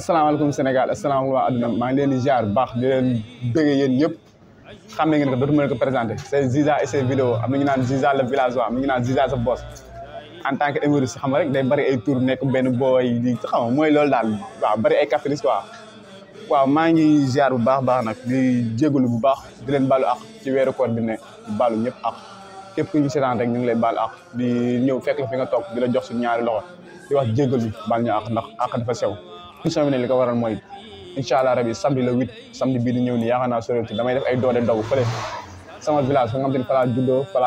asalaamaaleykum Sénégal asalaamaaleykum waa adduna maa ngi leen di ziar baax di leen bëggee yéen ñëpp xam ngeen ko dootuma leen ko présenté c'est Ziza et ses vidéos am na ñu naan Ziza le villageois am na ñu naan Ziza sa boss en tant que humoriste xam nga rek day bëri ay tour nekk benn booy di xam nga mooy loolu daal waaw bëri ay caprice quoi waaw maa ngi ziar bu baax baax nag di jégalu bu baax di leen baalu ak ci weeru koor bi ne baalu ñëpp ak képp ku ñu seetaan rek ñu ngi lay baalu ak di ñëw fekk la fi nga toog di la jox suñu ñaari loxo di wax jégalu baal ñu ak ndax ak dafa sew émission bi ne li ko waral mooy incha allah rabi samedi le huit samedi bii di ñëw nii yaakaar naa soriwul damay def ay doole ndaw fële sama village fa nga xam te ne fa laa juddoo fa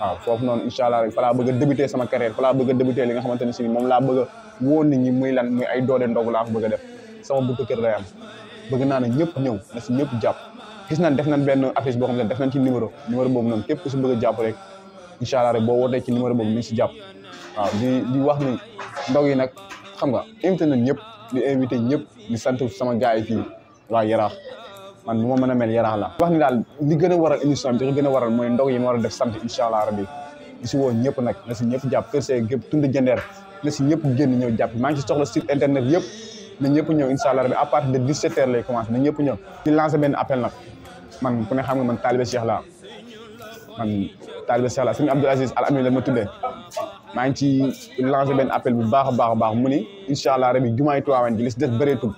waaw foofu noonu incha allah rabi fa laa bëgg a sama carrière fa laa bëgg a débuter li nga xamante ne si moom laa bëgg a woo nit ñi muy lan muy ay doole ndogu laa fa bëgg a def sama buntu kër day am bëgg naa ne ñëpp ñëw na si ñëpp jàpp gis na def na benn affiche boo xam ne def nañ ci numéro numéro boobu noonu képp ku si bëgg a jàpp rek incha allah rek boo wootee ci numéro si jàpp ndaw yi nag xam nga invité na ñëpp di invité ñëpp di sant sama gars yi fii waa yaraax man bu ma mën a mel wax ni daal li gën a waral émission bi li ko gën a waral mooy ndaw yi ma war sant incha allah si woo ñëpp nag na si ñëpp jàpp kër see gépp tund jëndeer génn ñëw jàpp maa ngi si soxla site internet yëpp na ñëpp ñëw incha allah rabbi à partir de 17 heures lay ñëpp ñëw di lancé benn appel nag man ku ne man taalibe Cheikh la man taalibe la sëñ Abdou Aziz Al Amin la ma maa ngi ci lancé benn appel bu baax a baax a baax mu ne incha allah rabi jumaay Tiwaawan ji li si des bëreetul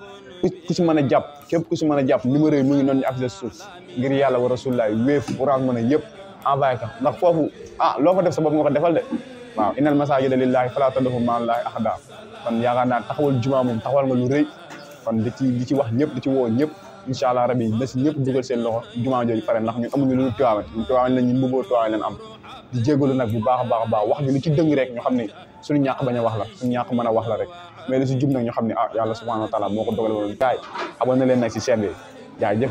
ku si mën a jàpp képp ku si mën a jàpp numéro yi mu ngi noonu ñu affiché suuf ngir yàlla wa rasulullah wéef orange mën a yëpp envoyé ko ndax foofu ah loo fa def sa bopp nga ko defal de waaw innal masaajida lillahi falaa tad'u ma'allaahi ahadaa kon yaakaar naa taxawal jumaa moom taxawal nga lu rëy kon di ci ci wax ñëpp di ci woo ñëpp incha allah rabi na si ñëpp dugal seen loxo jumaa jooju pare ndax ñun amuñu lu Tiwaawan ñun Tiwaawan lañ ñun mbubboo Tiwaawan leen am di nag bu baax a baax a baax wax ñu lu ci dëng rek ñu xam ne suñu ñàkk bañ a wax suñu ñàkk mën a wax la rek mais si jub nag ñu xam ne ah yàlla subhanahu wa taala moo ko dogale woon gaay abonné leen nag si chaîne bi